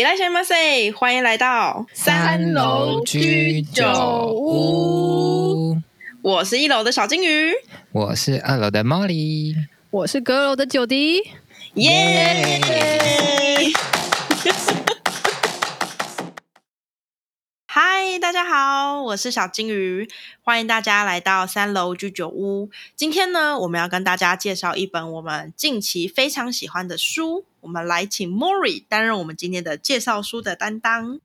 起來先，馬賽！歡迎來到三樓居酒屋。我是一樓的小金魚，我是二樓的 molly，我是閣樓的九弟，耶！Yeah! 大家好，我是小金魚，歡迎大家來到三樓居酒屋。今天呢，我們要跟大家介紹一本我們近期非常喜歡的書。我們來請 Mori 擔任我們今天的介紹書的擔當。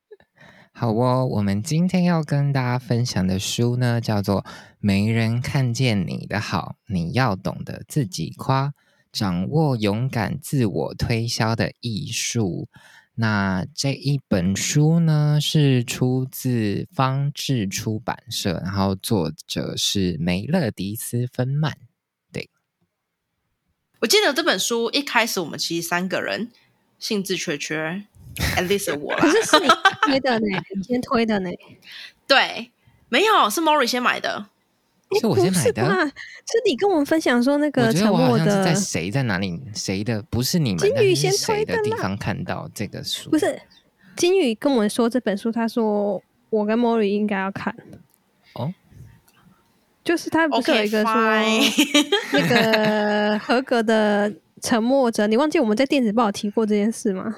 好哦，我們今天要跟大家分享的書呢，叫做《沒人看見你的好，你要懂得自己誇，掌握勇敢自我推銷的藝術》。那這一本書呢，是出自方智出版社，然後作者是梅樂迪斯·芬曼。對，我記得這本書一開始我們其實三個人興致缺缺 ，at least 我啦。可是是你推的呢，你先推的呢， 對，沒有是 Mori 先買的。是我先買的是，是你跟我們分享說那個沉默的在誰在哪裡誰的不是你們誰的的地方看到這個書？不是金魚跟我們說這本書，他說我跟 Mori 應該要看。哦，就是他不是有一個說那個合格的沉默者？ 你忘記我們在電子報提過這件事嗎？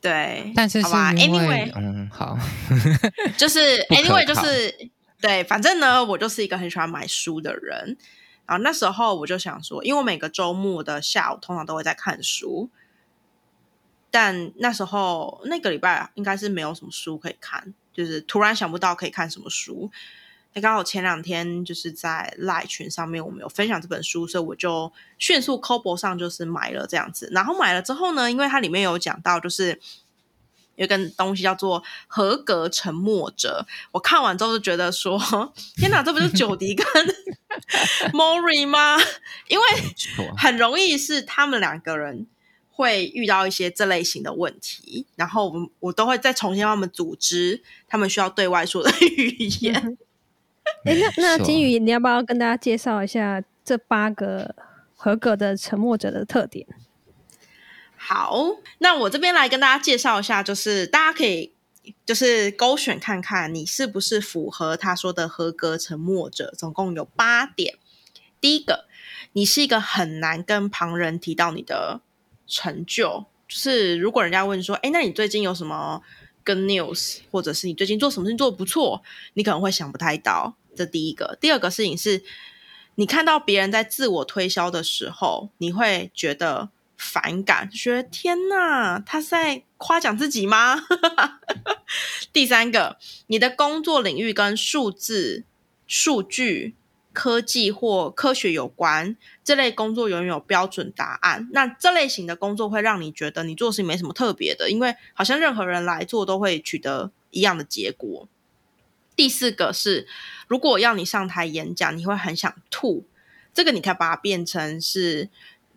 對，但是是 anyway 嗯，好， 就是 anyway，就是。對，反正呢，我就是一個很喜歡買書的人。然後那時候我就想說，因為我每個周末的下午通常都會在看書，但那時候那個禮拜應該是沒有什麼書可以看，就是突然想不到可以看什麼書。那剛好前兩天就是在賴群上面我們有分享這本書，所以我就迅速 Kobo 上就是買了這樣子。然後買了之後呢，因為它裡面有講到就是。有一個東西叫做“合格沉默者”，我看完之後就覺得說：“天哪，這不是久迪跟 Mori 嗎？”因為很容易是他們兩個人會遇到一些這類型的問題，然後我我都會再重新幫他們組織他們需要對外說的語言。嗯、 那那金魚你要不要跟大家介紹一下這八個合格的沉默者的特點？好，那我這邊來跟大家介紹一下，就是大家可以就是勾選看看你是不是符合他說的合格沉默者。總共有八點，第一個，你是一個很難跟旁人提到你的成就，就是如果人家問說，哎、欸，那你最近有什麼 good news，或者是你最近做什麼事情做得不錯，你可能會想不太到。這第一個，第二個事情是，你看到別人在自我推銷的時候，你會覺得。反感，覺得天吶，他在誇獎自己嗎？ 第三個，你的工作領域跟數字、數據、科技或科學有關，這類工作永遠有標準答案。那這類型的工作會讓你覺得你做事情沒什麼特別的，因為好像任何人來做都會取得一樣的結果。第四個是，如果要你上台演講，你會很想吐。這個你可以把它變成是。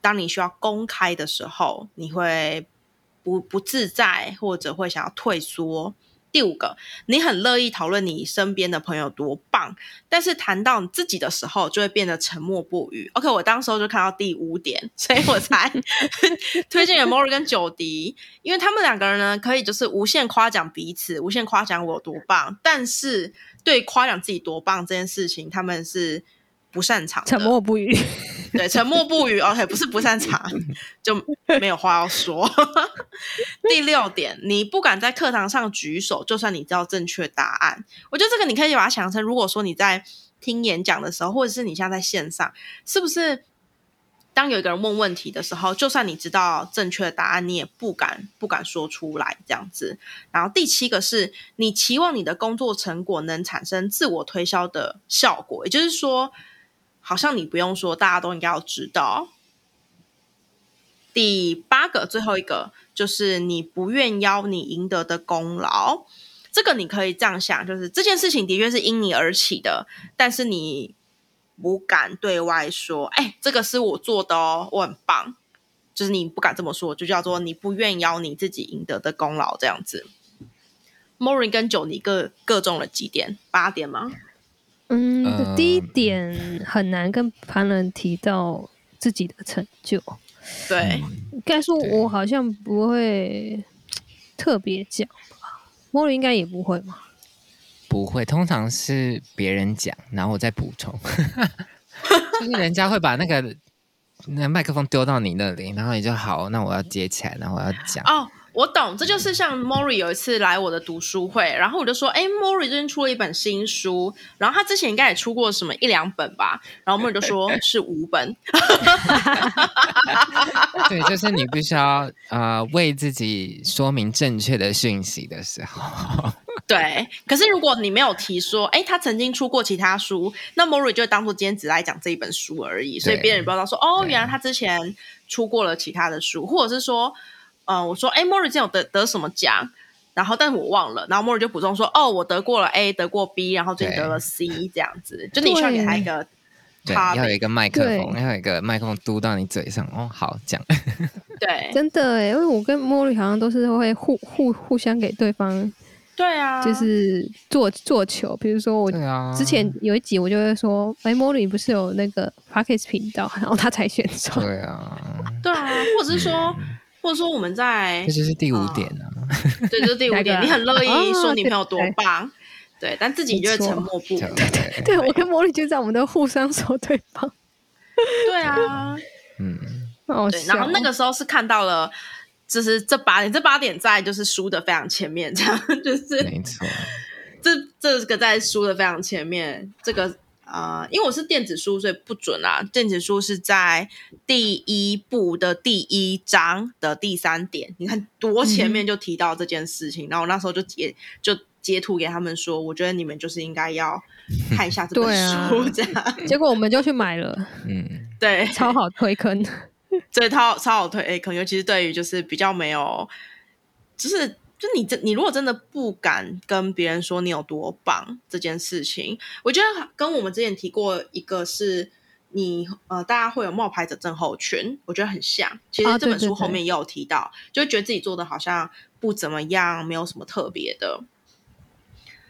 當你需要公開的時候，你會不不自在，或者會想要退縮。第五個，你很樂意討論你身邊的朋友多棒，但是談到你自己的時候，就會變得沉默不語。OK，我當時候就看到第五點，所以我才 推薦了 Mori 跟久迪，因為他們兩個人呢，可以就是無限誇獎彼此，無限誇獎我有多棒，但是對誇獎自己多棒這件事情，他們是不擅長的，沉默不語。對，沉默不語，而且、 okay，不是不擅長，就沒有話要說。 第六點，你不敢在課堂上舉手，就算你知道正確答案，我覺得這個你可以把它想成，如果說你在聽演講的時候，或者是你現在在線上，是不是當有一個人問問題的時候，就算你知道正確的答案，你也不敢不敢說出來這樣子。然後第七個是你期望你的工作成果能產生自我推銷的效果，也就是說。好像你不用說，大家都應該要知道。第八個，最後一個就是你不願邀你贏得的功勞。這個你可以這樣想，就是這件事情的確是因你而起的，但是你不敢對外說，哎、欸，這個是我做的哦，我很棒。就是你不敢這麼說，就叫做你不願邀你自己贏得的功勞這樣子。Mori 跟久迪各各中了幾點？八點嗎？嗯，呃、第一點很難跟旁人提到自己的成就。對，該、嗯、說我好像不會特別講吧？Mori< 對>應該也不會吧？不會，通常是別人講，然後我再補充。 就是人家會把那個那麥克風丟到你那裡，然後你就好，那我要接起來，然後我要講我懂，這就是像 Mori 有一次來我的讀書會，然後我就說：“哎，Mori 最近出了一本新書，然後他之前應該也出過什麼一兩本吧？”然後 Mori 就說：“ 是五本。 ” 對，就是你必須要、呃、為自己說明正確的訊息的時候。 對，可是如果你沒有提說，哎，他曾經出過其他書，那 Mori 就會當做今天只來講這一本書而已，所以別人不知道說，對哦，原來他之前出過了其他的書，或者是說。嗯，我說，哎，Mori 最近得得什麼獎？然後，但是我忘了。然後 Mori 就補充說，哦，我得過了 A，得過 B，然後最近得了 C，這樣子。對就你需要給他一個，對，要有一個麥克風，對要有一個麥克風對嘟到你嘴上。哦，好講。 對，真的哎、欸，因為我跟 Mori 好像都是會互互互，互相給對方，對啊，就是做做球。比如說我之前有一集，我就會說，哎、啊，Mori 不是有那個 Podcast 頻道，然後他才選手。對啊， 對啊，或者是說。嗯或者說我們在這就是第五點啊，對，就是第五點，你很樂意說女朋友多棒，對，但自己就會沉默不語。對對，對我跟 Mori 就在我們的互相說對方，對啊，嗯，哦，對，然後那個時候是看到了，就是這八點，這八點在就是書的非常前面，這樣就是沒錯，這這個在書的非常前面，這個。啊、呃，因為我是電子書，所以不準啊。電子書是在第一部的第一章的第三點，你看多前面就提到這件事情，嗯、然後我那時候就截就截圖給他們說，我覺得你們就是應該要看一下這本書，嗯啊、這樣。結果我們就去買了，嗯，對，超好推坑，這套超好推坑，欸、可尤其是對於就是比較沒有，就是。就你這，你如果真的不敢跟別人說你有多棒這件事情，我覺得跟我們之前提過一個是你呃，大家會有冒牌者症候群，我覺得很像。其實這本書後面也有提到，啊、對對對，就覺得自己做的好像不怎麼樣，沒有什麼特別的。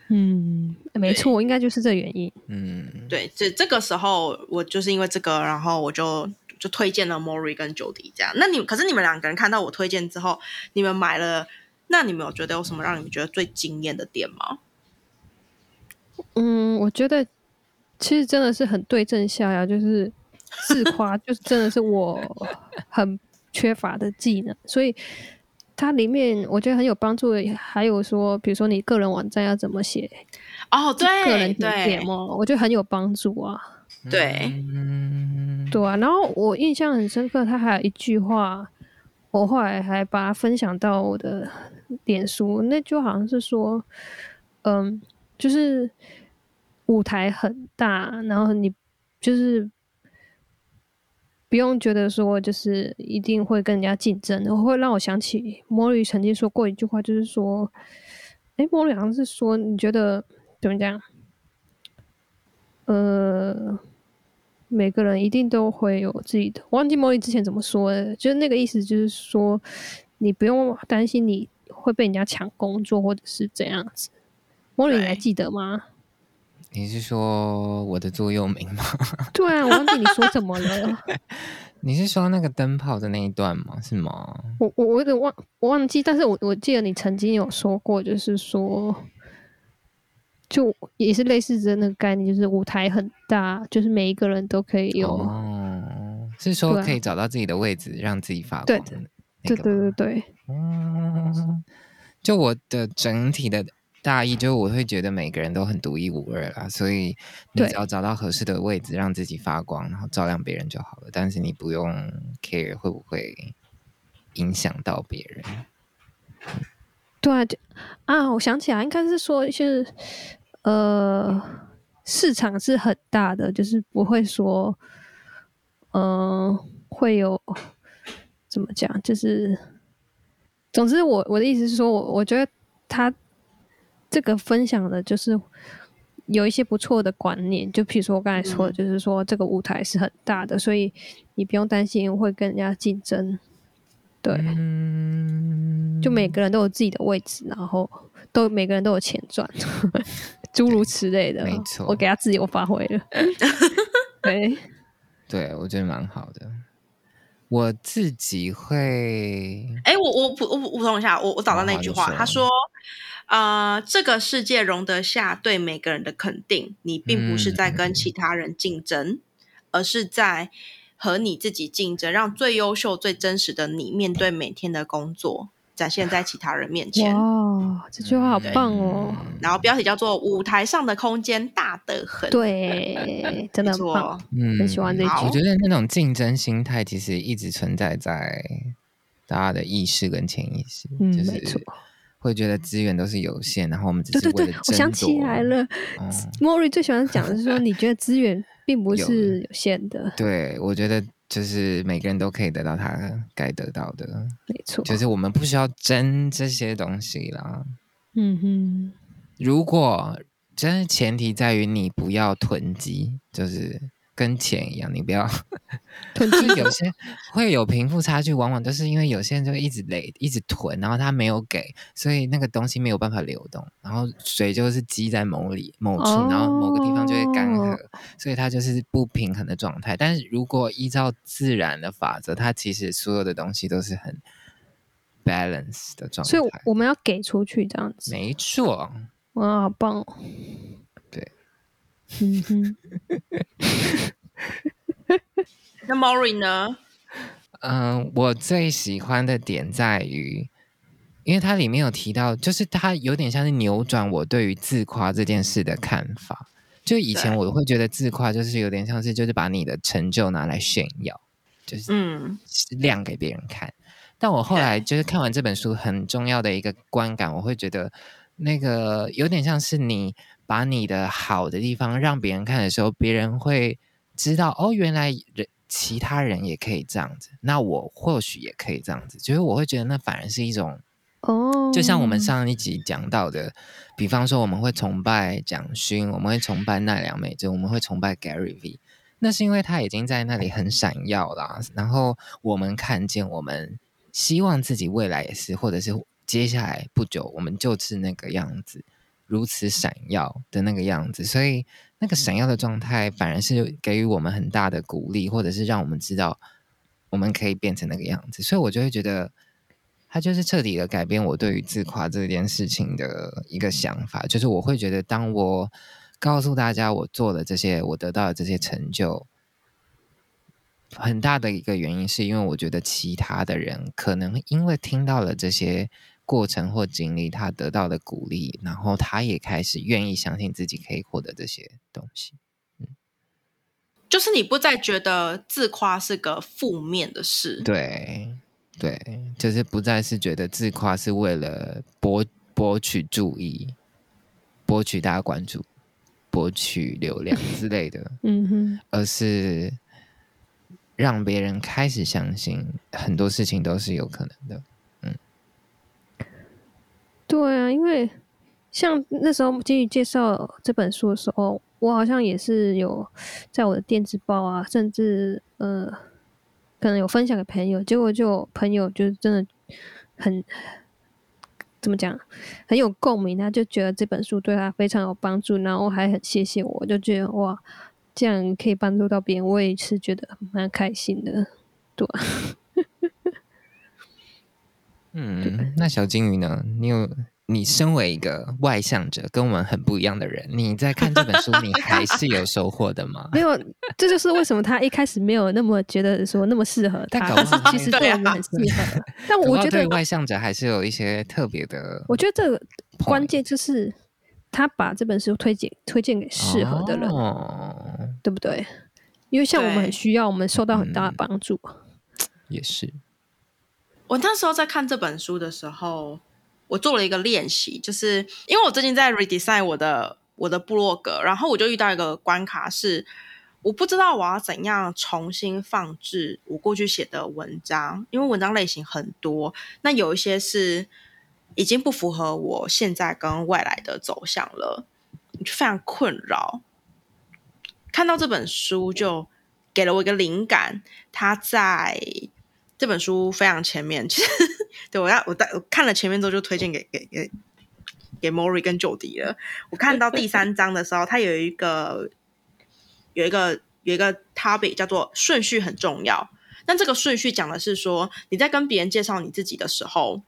嗯，對沒錯，應該就是這原因。嗯，對，這這個時候我就是因為這個，然後我就就推薦了 Mori 跟久迪這樣。那你可是你們兩個人看到我推薦之後，你們買了。那你們有覺得有什麼讓你們覺得最驚艷的點嗎？嗯，我覺得其實真的是很對症下藥、啊，就是自誇，就是真的是我很缺乏的技能， 所以它裡面我覺得很有幫助的。還有說，比如說你個人網站要怎麼寫？哦，對，個人點點哦，對我覺得很有幫助啊。對，嗯，對啊。然後我印象很深刻，他還有一句話，我後來還把它分享到我的。臉書，那就好像是說，嗯，就是舞台很大，然後你就是不用覺得說，就是一定會跟人家競爭。我會讓我想起 Mori 曾經說過一句話，就是說，哎，Mori 好像是說，你覺得怎麼講？呃，每個人一定都會有自己的，忘記 Mori 之前怎麼說的，就是那個意思，就是說你不用擔心你。會被人家搶工作，或者是怎樣子。莫莉，你還記得嗎？你是說我的座右銘嗎？ 對啊，我忘記你說什麼了。 你是說那個燈泡的那一段嗎？是嗎？我我我有點忘我忘記，但是我我記得你曾經有說過，就是說，就也是類似的那個概念，就是舞台很大，就是每一個人都可以有，oh, 是說可以找到自己的位置，啊、讓自己發光。對對對對，嗯，就我的整體的大意，就是我會覺得每個人都很獨一無二啦，所以你只要找到合適的位置，對，讓自己發光，然後照亮別人就好了。但是你不用 care 會不會影響到別人。對啊，就，啊，我想起來，應該是說、就是，一些呃，市場是很大的，就是不會說，嗯、呃，會有。怎麼講？就是，總之我，我我的意思是說，我我覺得他這個分享的，就是有一些不錯的觀念。就譬如說我剛才說的，就是說這個舞台是很大的，嗯、所以你不用擔心會跟人家競爭。對，嗯、就每個人都有自己的位置，然後都每個人都有錢賺，諸 如此類的。沒錯，我給他自由發揮了。 對，對，我覺得蠻好的。我自己會，哎，我我不我我補充一下，我我，我，我，我找到那句話，他說，說，呃，這個世界容得下對每個人的肯定，你並不是在跟其他人競爭，嗯、而是在和你自己競爭，讓最優秀、最真實的你面對每天的工作。嗯展現在其他人面前。哦，這句話好棒哦！對嗯、然後標題叫做“舞台上的空間大得很”。對，真的棒嗯、哦，很喜歡這句、嗯。我覺得那種競爭心態其實一直存在在大家的意識跟潛意識，嗯、就是會覺得資源都是有限，嗯、然後我們只是對對對，我想起來了、嗯、，Mori 最喜歡講的是說，你覺得資源並不是有限的。對，我覺得。就是每個人都可以得到他該得到的，沒錯。就是我們不需要爭這些東西啦。嗯哼，如果真的前提在於你不要囤積，就是。跟錢一樣，你不要囤。 就有些會有貧富差距，往往都是因為有些人就一直累，一直囤，然後他沒有給，所以那個東西沒有辦法流動，然後水就是積在某裡某處，然後某個地方就會乾涸，哦、所以它就是不平衡的狀態。但是如果依照自然的法則，它其實所有的東西都是很 balance 的狀態。所以我們要給出去，這樣子沒錯。哇，好棒哦！哼， 那 Mori 呢？嗯，我最喜歡的點在於，因為它裡面有提到，就是它有點像是扭轉我對於自誇這件事的看法。就以前我會覺得自誇就是有點像是，就是把你的成就拿來炫耀，就是嗯，亮給別人看。但我後來就是看完這本書很重要的一個觀感，我會覺得那個有點像是你。把你的好的地方讓別人看的時候，別人會知道哦，原來人其他人也可以這樣子，那我或許也可以這樣子。就是我會覺得那反而是一種哦，Oh. 就像我們上一集講到的，比方說我們會崇拜蔣勳，我們會崇拜奈良美智，我們會崇拜 Gary Vee, 那是因為他已經在那裡很閃耀啦啊，然後我們看見，我們希望自己未來也是，或者是接下來不久我們就是那個樣子。如此閃耀的那個樣子，所以那個閃耀的狀態反而是給予我們很大的鼓勵，或者是讓我們知道我們可以變成那個樣子。所以，我就會覺得，它就是徹底的改變我對於自誇這件事情的一個想法。就是我會覺得，當我告訴大家我做了這些，我得到了這些成就，很大的一個原因是因為我覺得其他的人可能因為聽到了這些。過程或經歷，他得到的鼓勵，然後他也開始願意相信自己可以獲得這些東西。嗯，就是你不再覺得自誇是個負面的事，對，對，就是不再是覺得自誇是為了博博取注意、博取大家關注、博取流量之類的。 嗯哼，而是讓別人開始相信很多事情都是有可能的。對啊，因為像那時候繼續介紹這本書的時候，我好像也是有在我的電子報啊，甚至嗯、呃，可能有分享給朋友，結果就朋友就是真的很怎麼講，很有共鳴，他就覺得這本書對他非常有幫助，然後還很謝謝我，就覺得哇，這樣可以幫助到別人，我也是覺得蠻開心的，對啊。嗯，那小金魚呢？你有，你身為一個外向者，跟我們很不一樣的人，你在看這本書，你還是有收穫的嗎？ 沒有，這就是為什麼他一開始沒有那麼覺得說那麼適合他，搞不好其實對我們很適合。啊、但我覺得對外向者還是有一些特別的。我覺得這個關鍵就是他把這本書推薦推薦給適合的人，哦、對不對？因為像我們很需要，對我們受到很大的幫助、嗯，也是。我那時候在看這本書的時候，我做了一個練習，就是因為我最近在 redesign 我的我的部落格，然後我就遇到一個關卡是，我不知道我要怎樣重新放置我過去寫的文章，因為文章類型很多，那有一些是已經不符合我現在跟未來的走向了，就非常困擾。看到這本書就給了我一個靈感，它在。這本書非常前面，其實對我要我在我看了前面之後，就推薦給給給給 Mori 跟久迪了。我看到第三章的時候，它有一個 有一個有一個 topic 叫做“順序很重要”。但這個順序講的是說，你在跟別人介紹你自己的時候，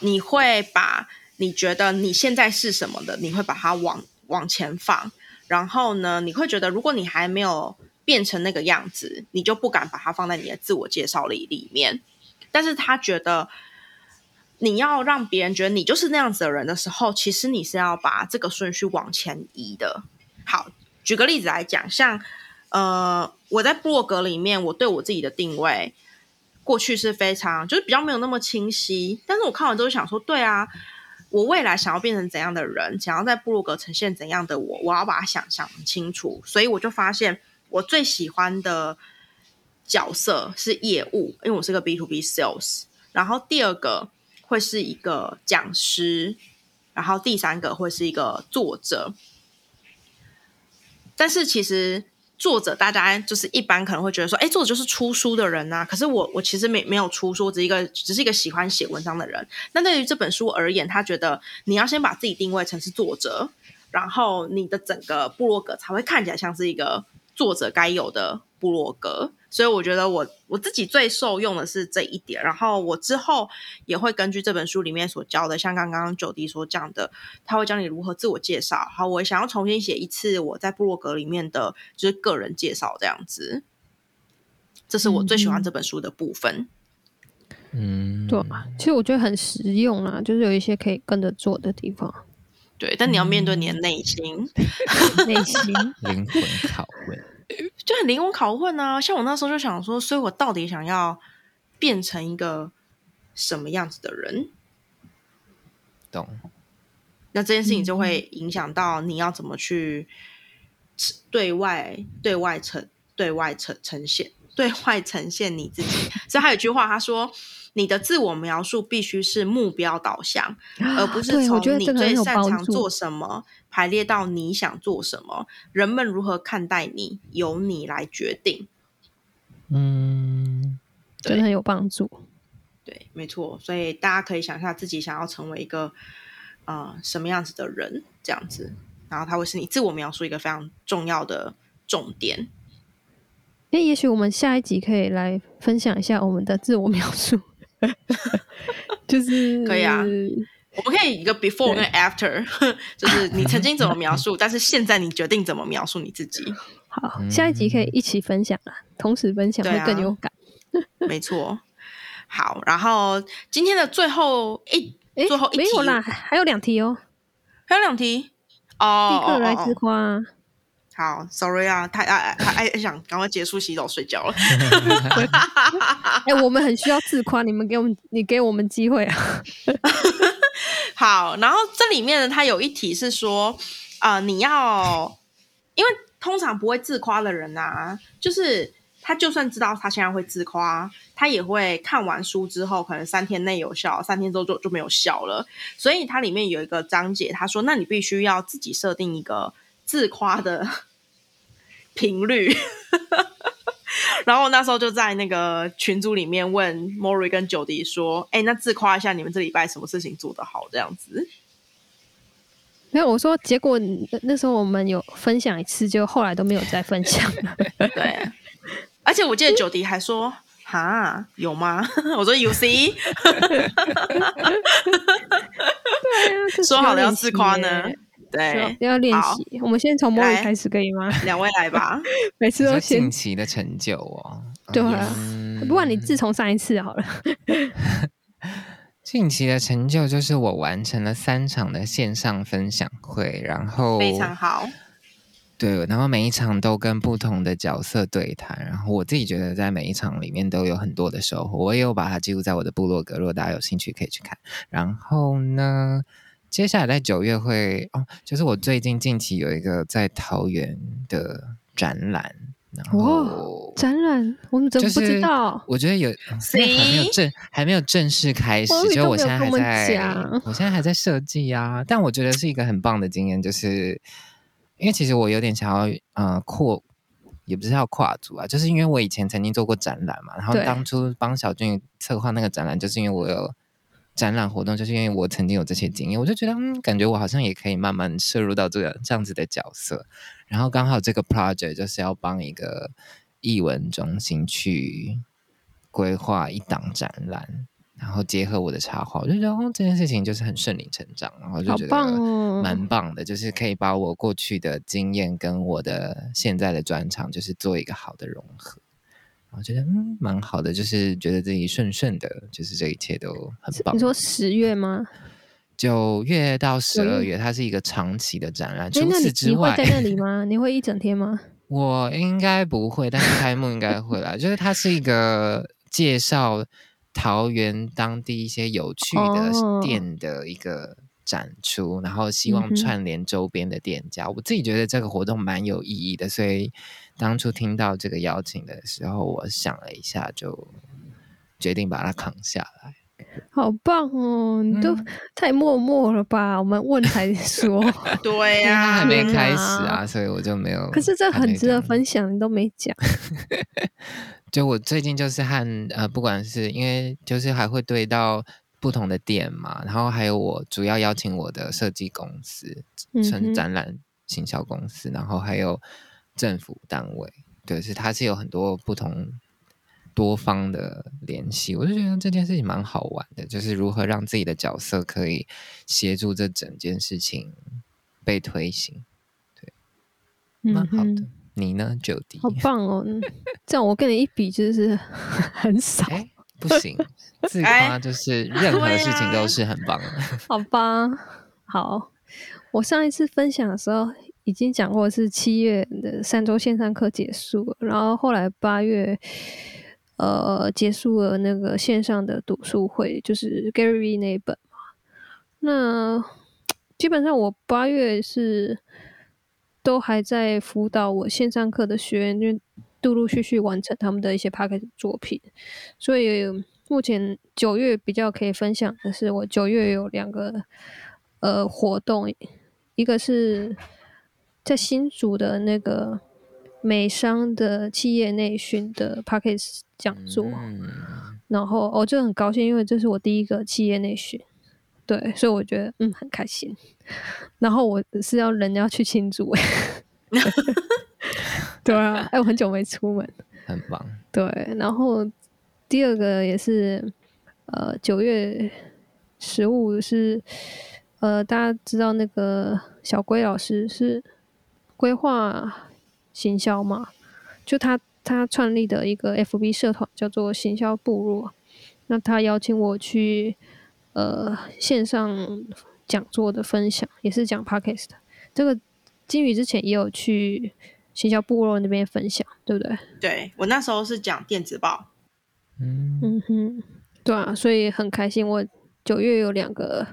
你會把你覺得你現在是什麼的，你會把它往往前放。然後呢，你會覺得如果你還沒有。變成那個樣子，你就不敢把它放在你的自我介紹裡裡面。但是他覺得你要讓別人覺得你就是那樣子的人的時候，其實你是要把這個順序往前移的。好，舉個例子來講，像呃，我在部落格裡面，我對我自己的定位，過去是非常就是比較沒有那麼清晰。但是我看完之後想說，對啊，我未來想要變成怎樣的人，想要在部落格呈現怎樣的我，我要把它想想清楚。所以我就發現。我最喜歡的角色是業務，因為我是個 B to B sales。然後第二個會是一個講師，然後第三個會是一個作者。但是其實作者大家就是一般可能會覺得說，哎，作者就是出書的人啊。可是我我其實沒沒有出書，我只是一個只是一個喜歡寫文章的人。但對於這本書而言，他覺得你要先把自己定位成是作者，然後你的整個部落格才會看起來像是一個。作者該有的部落格，所以我覺得我我自己最受用的是這一點。然後我之後也會根據這本書裡面所教的，像剛剛久迪說這樣的，他會教你如何自我介紹。好，我想要重新寫一次我在部落格裡面的，就是個人介紹這樣子。這是我最喜歡這本書的部分。嗯，對，其實我覺得很實用啊，就是有一些可以跟着做的地方。對，但你要面對你的內心，嗯、 內心靈魂拷問。就很靈魂拷問啊，像我那時候就想說，所以我到底想要變成一個什麼樣子的人？懂？那這件事情就會影響到你要怎麼去對外、嗯、對外、對外、對外呈、對外呈呈現、對外呈現你自己。所以他有句話，他說。你的自我描述必須是目標導向，而不是從你最擅長做什麼、啊、排列到你想做什麼。人們如何看待你，由你來決定。嗯，真的對很有幫助。對，沒錯。所以大家可以想象自己想要成為一個啊、呃、什麼樣子的人，這樣子，然後他會是你自我描述一個非常重要的重點。哎、欸，也許我們下一集可以來分享一下我們的自我描述。 就是可以啊，嗯、我們可以一個 before 跟對 and after， 就是你曾經怎麼描述， 但是現在你決定怎麼描述你自己。好，下一集可以一起分享了，同時分享會更有感。 啊、沒錯，好，然後今天的最後一，誒最後一題沒有啦，還有兩題哦，還有兩題哦，第、oh, 二來自誇。Oh, oh, oh. 好，sorry 啊，太愛太愛想趕快結束洗澡睡覺了。哎、 欸，我們很需要自誇，你們給我們，你給我們機會啊。 好，然後這裡面呢，它有一題是說，啊、呃，你要，因為通常不會自誇的人啊，就是他就算知道他現在會自誇，他也會看完書之後，可能三天內有效，三天之後就就沒有效了。所以它裡面有一個章節，他說，那你必須要自己設定一個自誇的。頻頻率， 然後那時候就在那個群組裡面問 Mori 跟久迪說：“哎、欸，那自誇一下，你們這禮拜什麼事情做得好？”這樣子，沒有我說，結果那，那時候我們有分享一次，就後來都沒有再分享了。 對、啊，而且我記得久迪還說：“哈，有嗎？”我說：“有 C、 啊。”對，說好了要自誇呢。對，要練習。好我們先從 Mori 開始，可以嗎？兩位來吧。 每次都先近期的成就哦，對啊。嗯、不管你自從上一次好了。 近期的成就就是我完成了三場的線上分享會，然後非常好。對，然後每一場都跟不同的角色對談，然後我自己覺得在每一場裡面都有很多的收穫，我也有把它記錄在我的部落格，如果大家有興趣可以去看。然後呢？接下來在九月會哦，就是我最近近期有一個在桃園的展覽，然後、哦、展覽我們怎麼不知道？我覺得有、嗯、還沒有正誰還沒有正式開始，就我現在還在，我現在還在設計啊。但我覺得是一個很棒的經驗，就是因為其實我有點想要呃擴，也不是要跨足啊，就是因為我以前曾經做過展覽嘛，然後當初幫小俊策劃那個展覽，就是因為我有。展覽活動，就是因為我曾經有這些經驗，我就覺得，嗯，感覺我好像也可以慢慢攝入到這個這樣子的角色。然後剛好這個 project 就是要幫一個藝文中心去規劃一檔展覽，然後結合我的插畫，我就覺得哦，這件事情就是很順理成章，然後就覺得蠻棒的，就是可以把我過去的經驗跟我的現在的專長，就是做一個好的融合。我覺得嗯蠻好的，就是覺得自己順順的，就是這一切都很棒。你說十月嗎？九月到十二月，嗯、它是一個長期的展覽。除此之外，欸、你會在那裡嗎？你會一整天嗎？我應該不會，但開幕應該會來。 就是它是一個介紹桃園當地一些有趣的店的一個展出，哦、然後希望串聯周邊的店家。嗯、哼我自己覺得這個活動蠻有意義的，所以。當初聽到這個邀請的時候，我想了一下，就決定把它扛下來。好棒哦！嗯、你都太默默了吧？我們問還說。 對呀、啊，還沒開始啊，嗯、啊所以我就沒有。可是這很值得分享，你都沒講。 就我最近就是和呃，不管是因為就是還會對到不同的店嘛，然後還有我主要邀請我的設計公司、成展覽行銷公司，嗯、哼然後還有。政府單位，對，是它是有很多不同多方的聯繫，我就覺得這件事情蠻好玩的，就是如何讓自己的角色可以協助這整件事情被推行，對，蠻、嗯、哼好的。你呢，久迪？好棒哦！ 這樣我跟你一比，就是很少， 欸、不行，自誇就是任何事情都是很棒的。 欸、好吧，好，我上一次分享的時候，已經講過是七月的三周線上課結束了，然後後來八月，呃，結束了那個線上的讀書會，就是 Gary 那一本嘛。那基本上我八月是都還在輔導我線上課的學員，因為陸陸續續完成他們的一些 Podcast 作品，所以目前九月比較可以分享的是，我九月有兩個呃活動，一個是。在新竹的那個美商的企業內訓的 Podcast 講座，嗯、然後哦，就很高興，因為這是我第一個企業內訓，對，所以我覺得嗯很開心。 然後我是要人家去慶祝誒， 對, 對啊，哎，我很久沒出門，很棒。對，然後第二個也是呃九月十五是呃大家知道那個小龜老師是。規劃行銷嘛，就他他創立的一個 FB 社團叫做行銷部落，那他邀請我去呃線上講座的分享，也是講 Podcast 的。這個金魚之前也有去行銷部落那邊分享，對不對？對，我那時候是講電子報。嗯嗯哼，對啊，所以很開心，我九月有兩個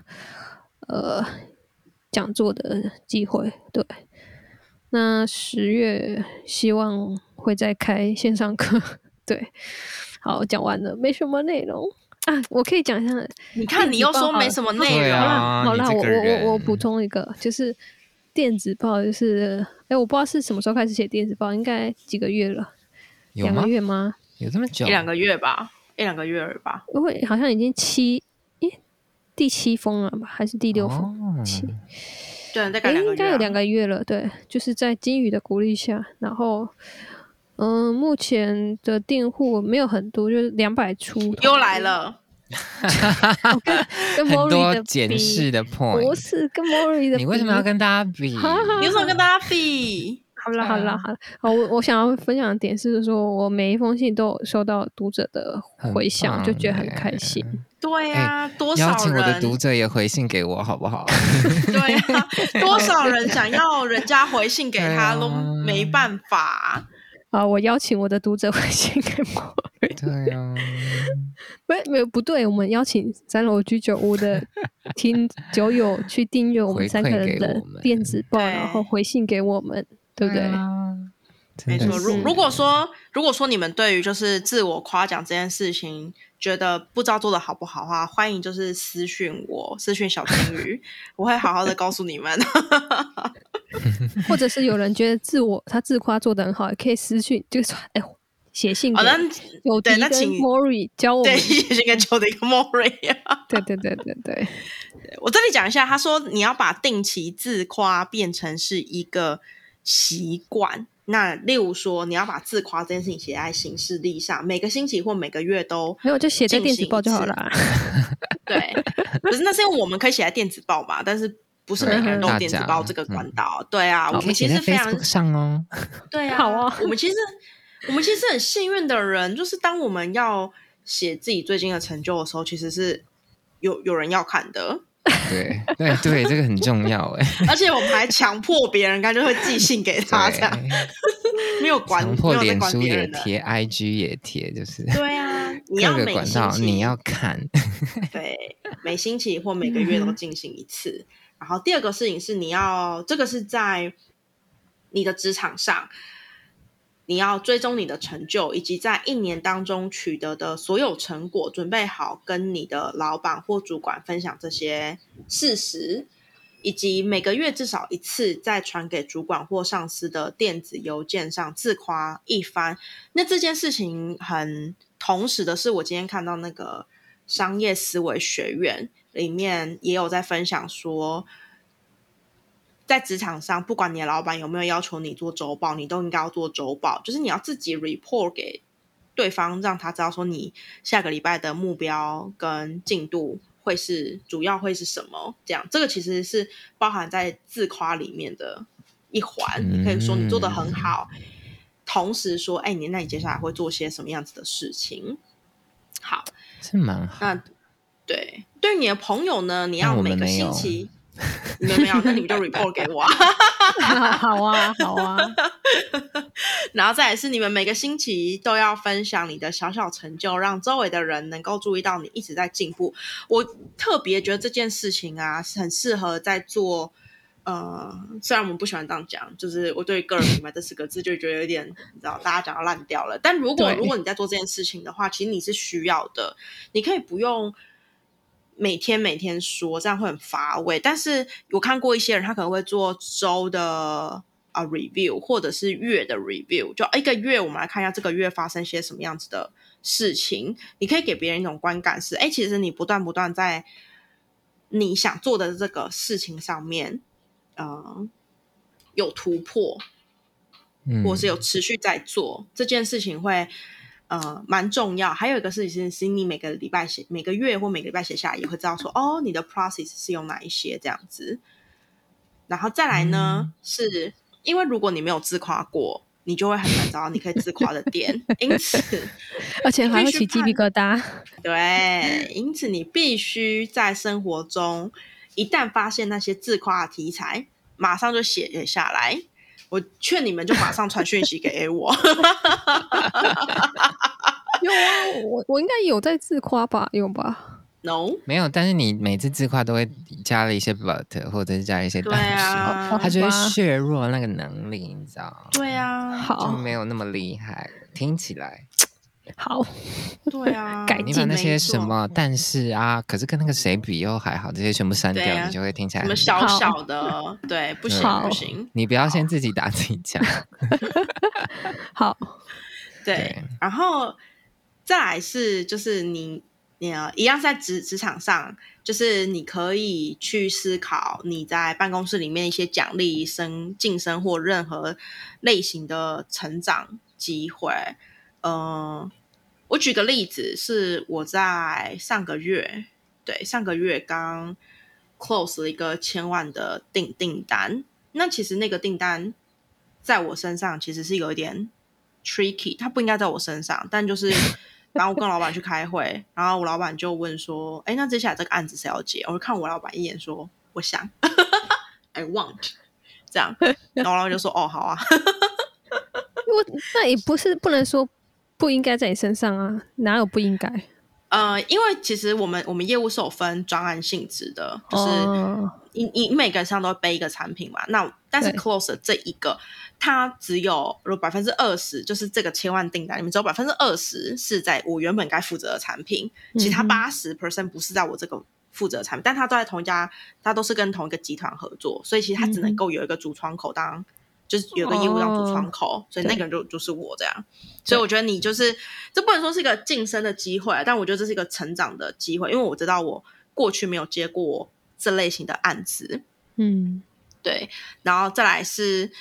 呃講座的機會，對。那十月希望會再開線上課，對，好，講完了，沒什麼內容啊，我可以講一下。你，你看，你又說沒什麼內容，好啦，那、啊、我我我我補充一個，就是電子報，就是哎、欸，我不知道是什麼時候開始寫電子報，應該幾個月了，兩嗎個月嗎？有這麼久？一兩個月吧，一兩個月吧。不會好像已經七、欸，第七封了吧，還是第六封？Oh. 七。啊、應該有兩個月了，對，就是在金魚的鼓勵下，然後，嗯、呃，目前的訂戶沒有很多，就是兩百出。又來了。 跟跟很多解釋的 point，不是跟 Mori 的比。你為什麼要跟大家比？有 什麼跟大家比？好了，好了，好了。我我想要分享的點是，是說，我每一封信都有收到讀者的回響，欸、就覺得很開心。對呀、啊欸，邀請我的讀者也回信給我，好不好？ 對啊，多少人想要人家回信給他、 啊、都沒辦法啊，啊！我邀請我的讀者回信給我信。對啊， 不，沒有不對，我們邀請三樓居酒屋的聽酒友去訂閱我們三個人的電子報， 對然後回信給我們，對不對？沒錯、啊。如、欸、如果說，如果說你們對於就是自我誇獎這件事情，覺得不知道做的好不好的話，歡迎就是私訊我，私訊小金魚， 我會好好的告訴你們。 或者是有人覺得自我他自誇做的很好，也可以私訊，就是哎、欸，寫信。久迪、哦，跟 Mori 教我們。對，應該的一個 Mori。 對、對對對對對，我這裡講一下，他說你要把定期自誇變成是一個習慣。那例如說，你要把自誇這件事情寫在行事曆上，每個星期或每個月都，沒有就寫電子報就好了，啊。 對，可是那是因為我們可以寫在電子報嘛，但是不是每個人都有電子報這個管道？ 對啊，我們其實非常上哦。對啊， 好啊，哦，我們其實我們其實很幸運的人，就是當我們要寫自己最近的成就的時候，其實是有有人要看的。對對 對，對對對 這個很重要哎。而且我們還強迫別人，幹 就會寄信給他，這樣對 沒有管，強迫臉書也貼 ，IG 也貼，就是。對啊，你要管到，你要看。 對，每星期或每個月都進行一次。 然後第二個事情是，你要這個是在你的職場上。你要追蹤你的成就，以及在一年當中取得的所有成果，準備好跟你的老板或主管分享這些事實，以及每個月至少一次在傳給主管或上司的電子郵件上自誇一番。那這件事情很同時的是，我今天看到那個商業思維學院裡面也有在分享說。在職場上，不管你的老闆有沒有要求你做周報，你都應該要做周報。就是你要自己 report 給對方，讓他知道說你下個禮拜的目標跟進度會是主要會是什麼。這樣，這個其實是包含在自誇裡面的一環。你可以說你做得很好，同時說，哎，你那你接下來會做些什麼樣子的事情？好，這蠻好。對，對你的朋友呢，你要每個星期。你們沒有，那你們就 report 給我啊。 好啊，好啊。 然後再也是，你們每個星期都要分享你的小小成就，讓周圍的人能夠注意到你一直在進步。我特別覺得這件事情啊，是很適合在做。呃，雖然我們不喜歡這樣講，就是我對“個人品牌”這四個字就覺得有點，你知道，大家講到爛掉了。但如果對如果你在做這件事情的話，其實你是需要的。你可以不用。每天每天說，這樣會很乏味。但是我看過一些人，他可能會做週的啊 review，或者是月的 review，就一個月，我們來看一下這個月發生些什麼樣子的事情。你可以給別人一種觀感是，哎，其實你不斷不斷在你想做的這個事情上面，嗯，有突破，嗯，或是有持續在做，嗯，這件事情會。呃，蠻重要。還有一個事情是，是你每個禮拜寫、每個月或每個禮拜寫下來，也會知道說，哦，你的 process 是有哪一些這樣子。然後再來呢，嗯、是因為如果你沒有自誇過，你就會很難找到你可以自誇的點。 因此， 而且還會起雞皮疙瘩。對，因此你必須在生活中，一旦發現那些自誇的題材，馬上就寫下來。我勸你們就馬上傳訊息給我。有啊，我我應該有在自誇吧？有吧？No，沒有。但是你每次自誇都會加了一些 but，或者是加一些，的時候，對啊，他就會削弱那個能力，你知道？對啊，就沒有那麼厲害。聽起來。好，對啊，改 你把那些什麼，但是啊，錯可是跟那個誰比又還好，這些全部刪掉，啊、你就會聽起來什麼小小的，好對，不行好不行，你不要先自己打自己槍。 好，對，對然後再來是就是你，你一樣在職職場上，就是你可以去思考你在辦公室裡面一些獎勵升晉升或任何類型的成長機會。嗯、呃，我舉個例子，是我在上個月，對，上個月剛 close 了一個千萬的訂訂單。那其實那個訂單在我身上其實是一有一點 tricky，他不應該在我身上。但就是，然後我跟老闆去開會， 然後我老闆就問說：“哎、欸，那接下來這個案子誰要接？”我就看我老闆一眼，說：“我想。 ” I want。這樣，然後老闆就說：“ 哦，好啊。 ”因為我那也不是不能說。不應該在你身上啊，哪有不應該？呃，因為其實我們我們業務是有分專案性質的，哦、就是你你每個人身上都會背一個產品嘛。那但是 closer 這一個，對它只有百分之二十，就是這個千萬訂單，你們只有百分之二十是在我原本該負責的產品，嗯、哼其他八十 percent 不是在我這個負責的產品，但他都在同一家，他都是跟同一個集團合作，所以其實他只能夠有一個主窗口當。嗯就是有個業務量出窗口，哦、所以那個人就就是我這樣，對所以我覺得你就是這不能說是一個晉升的機會，但我覺得這是一個成長的機會，因為我知道我過去沒有接過這類型的案子，嗯，對，然後再來是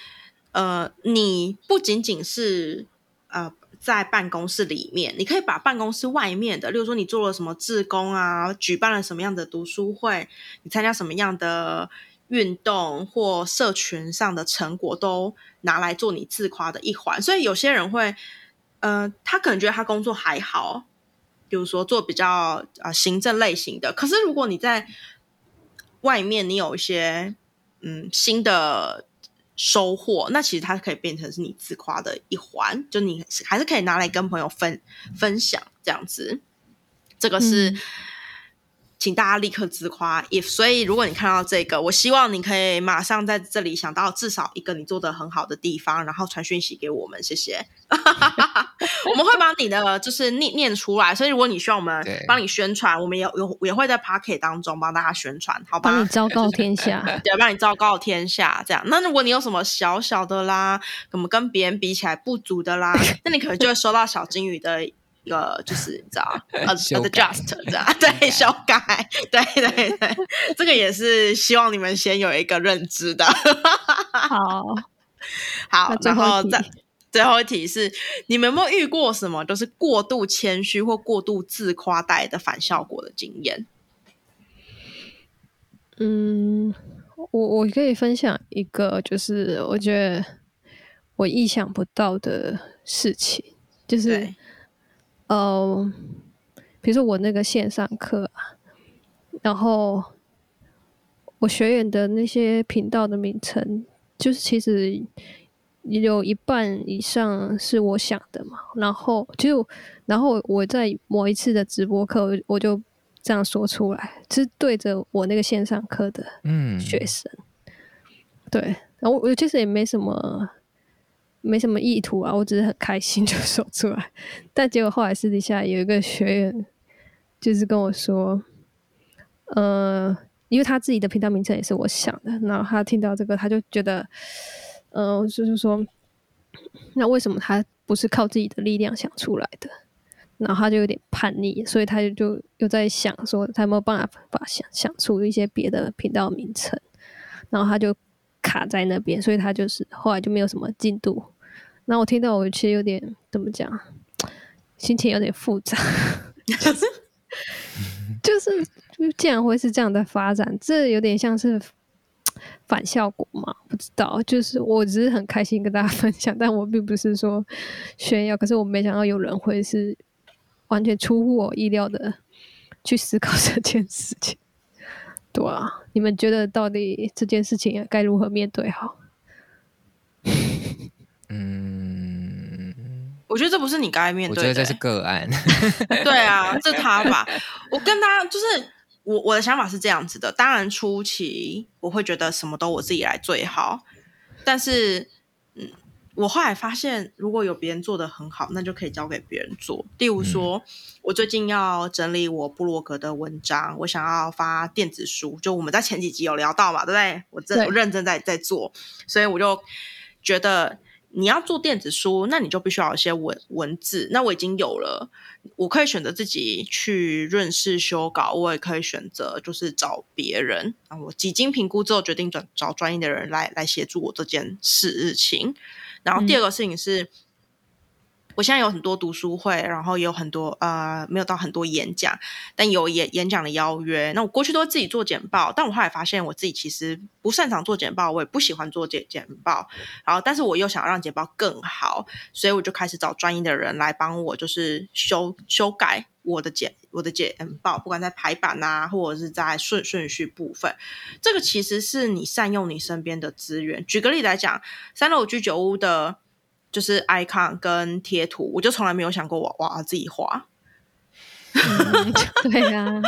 呃，你不僅僅是呃在辦公室裡面，你可以把辦公室外面的，例如說你做了什麼志工啊，舉辦了什麼樣的讀書會，你參加什麼樣的。運動或社群上的成果都拿來做你自誇的一環，所以有些人會，嗯、呃，他可能覺得他工作還好，比如說做比較啊、呃、行政類型的，可是如果你在外面，你有一些嗯新的收穫，那其實它可以變成是你自誇的一環，就你還是可以拿來跟朋友分分享這樣子，這個是。嗯請大家立刻自誇，if 所以如果你看到這個，我希望你可以馬上在這裡想到至少一個你做得很好的地方，然後傳訊息給我們，謝謝。 我們會把你的就是念念出來，所以如果你需要我們幫你宣傳，對我們也有也會在 podcast 當中幫大家宣傳，好吧？幫你昭告天下，對，幫你昭告天下，這樣。那如果你有什麼小小的啦，怎麼跟別人比起來不足的啦， 那你可能就會收到小金魚的。一個就是這樣，啊，adjust 對， 修改，對對對，這個也是希望你們先有一個認知的。 好，好，最後然後再最後一題是：你們有沒有遇過什麼就是過度謙虛或過度自誇帶的反效果的經驗？嗯，我我可以分享一個，就是我覺得我意想不到的事情，就是。哦，呃，比如說我那個線上課啊，然後我學員的那些頻道的名稱，就是其實也有一半以上是我想的嘛。然後就，然後我在某一次的直播課，我就這樣說出來，就是對着我那個線上課的嗯學生，嗯，對，然後我其實也沒什麼。沒什麼意圖啊，我只是很開心就說出來，但結果後來私底下有一個學員就是跟我說，呃，因為他自己的頻道名稱也是我想的，然後他聽到這個他就覺得，嗯，呃，就是說，那為什麼他不是靠自己的力量想出來的？然後他就有點叛逆，所以他就就又在想說，他有沒有辦法想想出一些別的頻道名稱？然後他就卡在那邊，所以他就是後來就沒有什麼進度。那我聽到，我其實有點怎麼講，心情有點複雜， 就是， 就是、就竟然會是這樣的發展，這有點像是反效果嘛？不知道，就是我只是很開心跟大家分享，但我並不是說炫耀。可是我沒想到有人會是完全出乎我意料的去思考這件事情，對啊，你們覺得到底這件事情該如何面對好？ 嗯。我覺得這不是你該面對，對。我覺得這是個案。 對啊，是他吧？我跟他就是我我的想法是這樣子的。當然初期我會覺得什麼都我自己來最好，但是嗯，我後來發現如果有別人做得很好，那就可以交給別人做。例如說、嗯、我最近要整理我部落格的文章，我想要發電子書，就我們在前幾集有聊到嘛，對不對？我真對我認真在在做，所以我就覺得。你要做電子書，那你就必須要有一些文文字。那我已經有了，我可以選擇自己去潤飾、修稿，我也可以選擇就是找別人。啊，我幾經評估之後決定轉找專業的人來來協助我這件事情。然後第二個事情是。嗯我現在有很多讀書會，然後也有很多呃，沒有到很多演講，但有演演講的邀約。那我過去都自己做簡報，但我後來發現我自己其實不擅長做簡報，我也不喜歡做簡簡報。然後，但是我又想要讓簡報更好，所以我就開始找專業的人來幫我，就是修修改我的簡我的簡報，不管在排版啊，或者是在順順序部分。這個其實是你善用你身邊的資源。舉個例子來講，三樓居酒屋的，就是 icon 跟貼圖，我就從來沒有想過我我要自己畫、 嗯啊。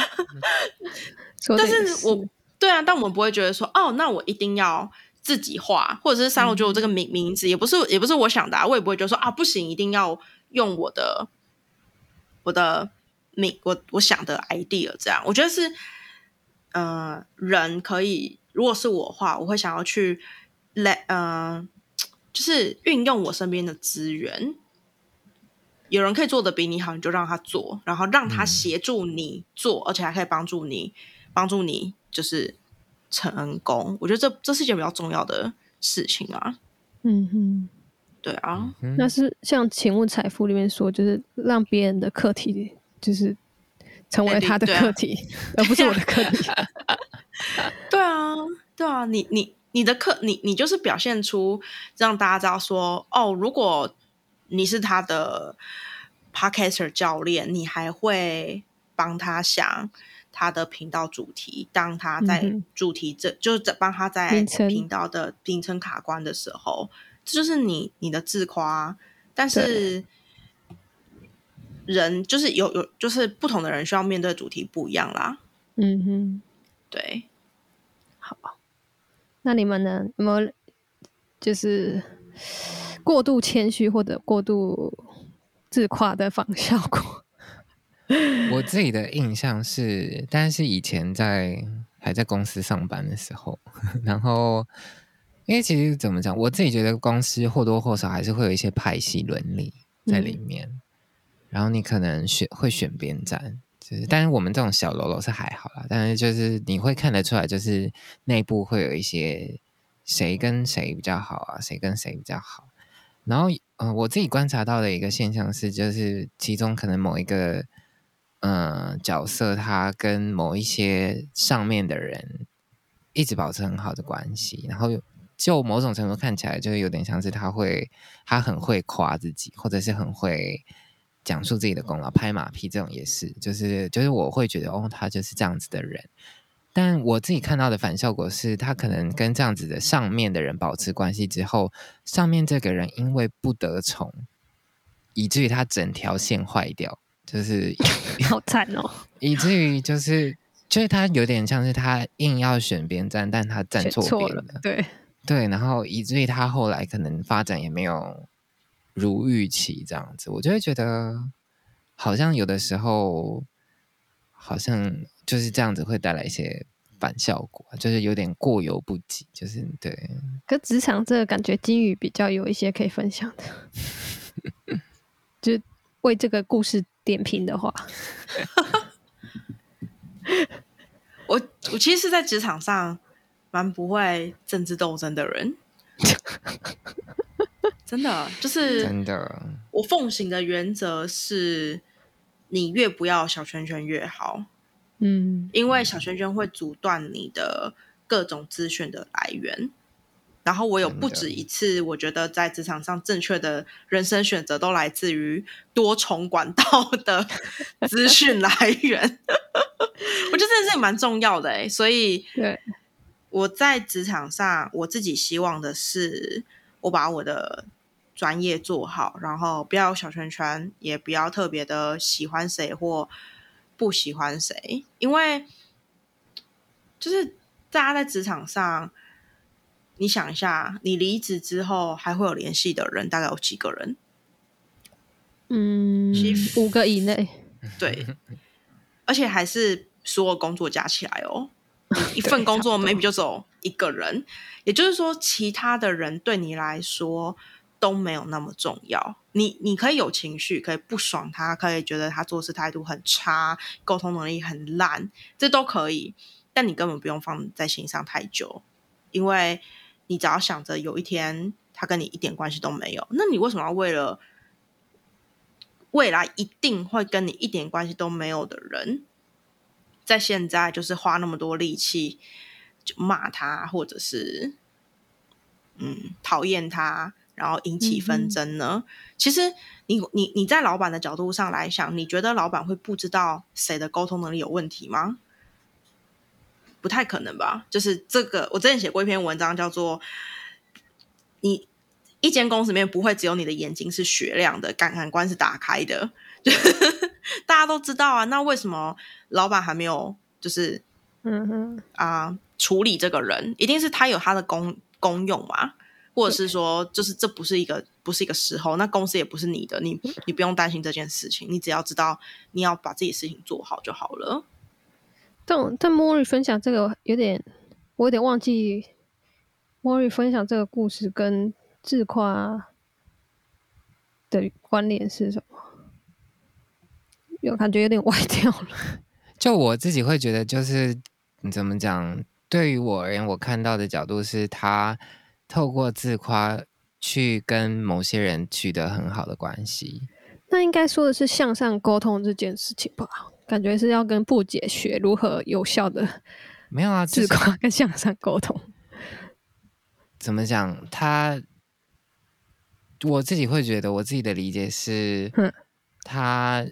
對啊，但是我對啊，但我們不會覺得說哦，那我一定要自己畫，或者是三樓就有這個名、嗯、名字也不是也不是我想的，啊，我也不會覺得說啊不行，一定要用我的我的名我我想的 idea 這樣。我覺得是，嗯、呃，人可以，如果是我的話，我會想要去 let 嗯。呃就是運用我身邊的資源，有人可以做的比你好，你就讓他做，然後讓他協助你做，嗯、而且還可以幫助你，幫助你就是成功。我覺得這這是一件比較重要的事情啊。嗯哼，對啊，那是像《請問財富》裡面說，就是讓別人的課題就是成為他的課題，而、啊呃、不是我的課題。對啊，對啊，你你。你的課，你你就是表現出讓大家知道說，哦，如果你是他的 Podcaster 教練，你還會幫他想他的頻道主題，當他在主題這、嗯、哼就是在幫他在頻道的名稱卡關的時候，這就是你你的自誇。但是人就是有有就是不同的人需要面對主題不一樣啦。嗯哼，對。那你們呢？有沒有就是過度謙虛或者過度自誇的反效果？ 我自己的印象是，但是以前在還在公司上班的時候， 然後因為其實怎麼講，我自己覺得公司或多或少還是會有一些派系倫理在裡面，嗯、然後你可能選會選邊站。就是，但是我們這種小嘍囉是還好啦。但是就是你會看得出來，就是內部會有一些誰跟誰比較好啊，誰跟誰比較好。然後，嗯、呃，我自己觀察到的一個現象是，就是其中可能某一個嗯、呃角色，他跟某一些上面的人一直保持很好的關係。然後就某種程度看起來，就是有點像是他會他很會誇自己，或者是很會。講述自己的功勞、拍馬屁這種也是，就是就是我會覺得哦，他就是這樣子的人。但我自己看到的反效果是，他可能跟這樣子的上面的人保持關係之後，上面這個人因為不得寵，以至於他整條線壞掉，就是 好慘哦。以至於就是就是他有點像是他硬要選邊站，但他站錯邊了，對對，然後以至於他後來可能發展也沒有如預期這樣子，我就會覺得好像有的時候，好像就是這樣子會帶來一些反效果，就是有點過猶不及，就是對。可職場這個感覺，金魚比較有一些可以分享的， 就為這個故事點評的話， 我我其實是在職場上蠻不會政治鬥爭的人。 真的就是真的，就是、我奉行的原則是，你越不要小圈圈越好，嗯，因為小圈圈會阻斷你的各種資訊的來源。的然後我有不止一次，我覺得在職場上正確的人生選擇都來自於多重管道的資訊來源。 我覺得這事蠻重要的、欸、所以我在職場上我自己希望的是，我把我的。專業做好，然後不要小圈圈，也不要特別的喜歡誰或不喜歡誰，因為就是大家在職場上，你想一下，你離職之後還會有聯繫的人，大概有幾個人？嗯，七五個以內。對，而且還是所有工作加起來哦， 對一份工作 maybe 不就走一個人，也就是說，其他的人對你來說。都沒有那麼重要，你你可以有情緒，可以不爽他，他可以覺得他做事態度很差，溝通能力很爛，這都可以，但你根本不用放在心上太久，因為你只要想着有一天他跟你一點關係都沒有，那你為什麼要為了未來一定會跟你一點關係都沒有的人，在現在就是花那麼多力氣就罵他，或者是嗯討厭他？然後引起紛爭呢？嗯、其實你，你你你在老闆的角度上來想，你覺得老闆會不知道誰的溝通能力有問題嗎？不太可能吧。就是這個，我之前寫過一篇文章，叫做“你一間公司裡面不會只有你的眼睛是雪亮的，感官是打開的。” 大家都知道啊，那為什麼老闆還沒有就是嗯哼啊處理這個人？一定是他有他的功功用嘛。或者是說，就是這不是一個，不是一個時候，那公司也不是你的，你你不用擔心這件事情，你只要知道你要把自己事情做好就好了。但但 Mori 分享這個有點，我有點忘記 Mori 分享這個故事跟自誇的關聯是什麼，有感覺有點歪掉了。就我自己會覺得，就是你怎麼講？對於我而言，我看到的角度是他。透過自誇去跟某些人取得很好的關係，那應該說的是向上溝通這件事情吧？感覺是要跟布姐學如何有效的沒有啊？自誇跟向上溝通怎麼講？他我自己會覺得，我自己的理解是，哼他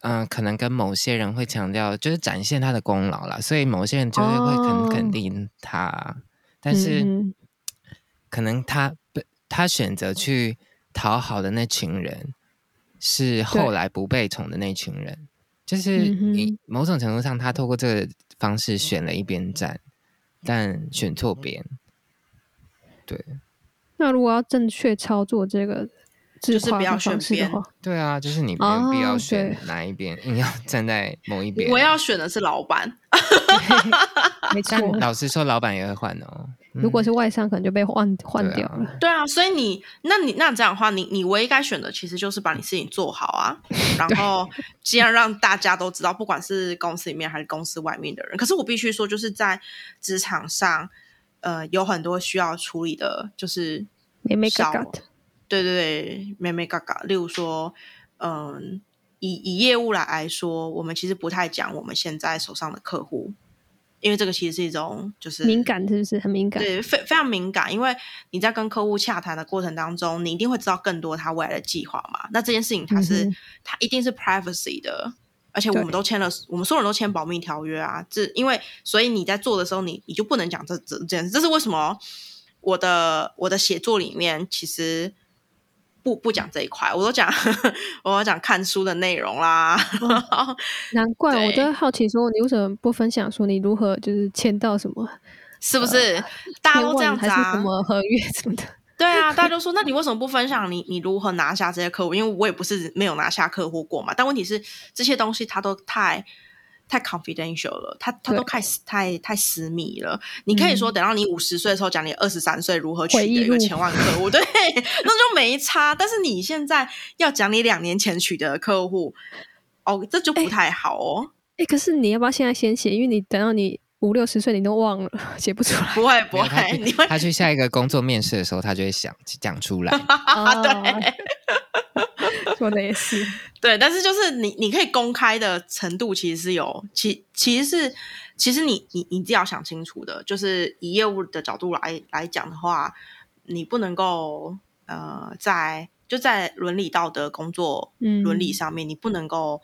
嗯、呃，可能跟某些人會強調，就是展現他的功勞了，所以某些人就會會肯、哦、肯定他，但是。嗯可能他被他選擇去討好的那群人，是後來不被寵的那群人，對就是你某種程度上，他透過這個方式選了一邊站，對但選錯邊。對。那如果要正確操作這個？就是不要選邊，對啊，就是你沒必要選哪一邊，硬、Oh, okay. 要站在某一邊、啊。我要選的是老闆，沒錯。老實說，老闆也會換哦、喔。如果是外商，可能就被換換、嗯、掉了。對啊，所以你，那你那你這樣的話，你你唯一該選的，其實就是把你事情做好啊。然後，既然讓大家都知道，不管是公司裡面還是公司外面的人，可是我必須說，就是在職場上，呃，有很多需要處理的，就是沒沒搞。Hey, 對對對，妹妹嘎嘎，例如說，嗯，以以業務來說，我們其實不太講我們現在手上的客戶，因為這個其實是一種就是敏感，是不是很敏感？對，非非常敏感。因為你在跟客戶洽談的過程當中，你一定會知道更多他未來的計劃嘛。那這件事情，它是、嗯、哼它一定是 privacy 的，而且我們都簽了，對我們所有人都簽保密條約啊。這因為所以你在做的時候你，你你就不能講這這這件事，這是為什麼？我的我的寫作裡面其實。不不講這一塊，我都講， 我講看書的內容啦。嗯、 難怪對我都好奇說，你為什麼不分享說你如何就是簽到什麼？是不是，呃、大家都這樣子啊？什麼合約什麼的？ 對啊，大家都說， 那你為什麼不分享你你如何拿下這些客戶？因為我也不是沒有拿下客戶過嘛。但問題是這些東西它都太。太 confidential 了，他他都開始太私太對太私密了。嗯、你可以說，等到你五十歲的時候，講你二十三歲如何取得一個千萬個客戶，對，那就沒差。 但是你現在要講你兩年前取得的客戶，哦，這就不太好哦。哎、欸欸，可是你要不要現在先寫？因為你等到你五六十歲，你都忘了，啊、寫不出來。不會不會，他去下一個工作面試的時候，他就會想講出來。啊、 對。 說的也是，對，但是就是你，你可以公開的程度其實是有，其其實是，其實你你你一定要想清楚的，就是以業務的角度來來講的話，你不能夠呃，在就在倫理道德工作、嗯、倫理上面，你不能夠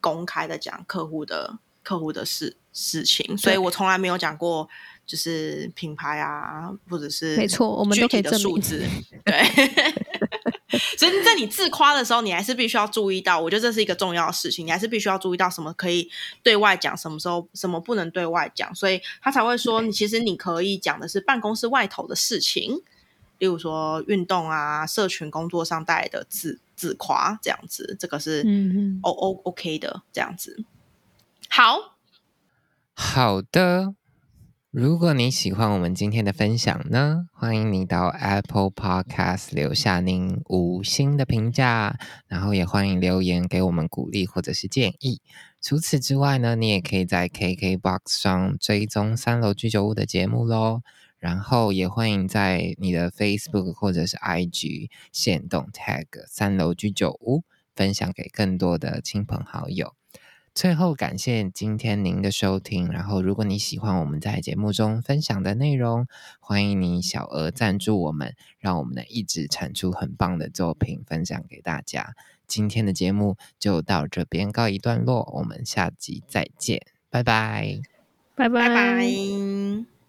公開的講客戶的客戶的事事情，所以我從來沒有講過就是品牌啊，或者是具體的數字，沒錯，我們都可以證明，對。 所以在你自誇的時候，你還是必須要注意到，我覺得這是一個重要的事情，你還是必須要注意到什麼可以對外講，什麼時候什麼不能對外講，所以他才會說，你其實你可以講的是辦公室外頭的事情，例如說運動啊、社群工作上帶來的自自誇這樣子，這個是嗯嗯哦哦 OK 的這樣子，好好的。如果你喜歡我們今天的分享呢，歡迎你到 Apple Podcast 留下您五星的評價，然後也歡迎留言給我們鼓勵或者是建議。除此之外呢，你也可以在 KKBOX 上追蹤三樓居酒屋的節目嘍。然後也歡迎在你的 Facebook 或者是 IG 限動 Tag 三樓居酒屋，分享給更多的親朋好友。最後，感謝今天您的收聽。然後，如果你喜歡我們在節目中分享的內容，歡迎你小額贊助我們，讓我們能一直產出很棒的作品分享給大家。今天的節目就到這邊告一段落，我們下集再見，拜拜，拜拜 bye。Bye bye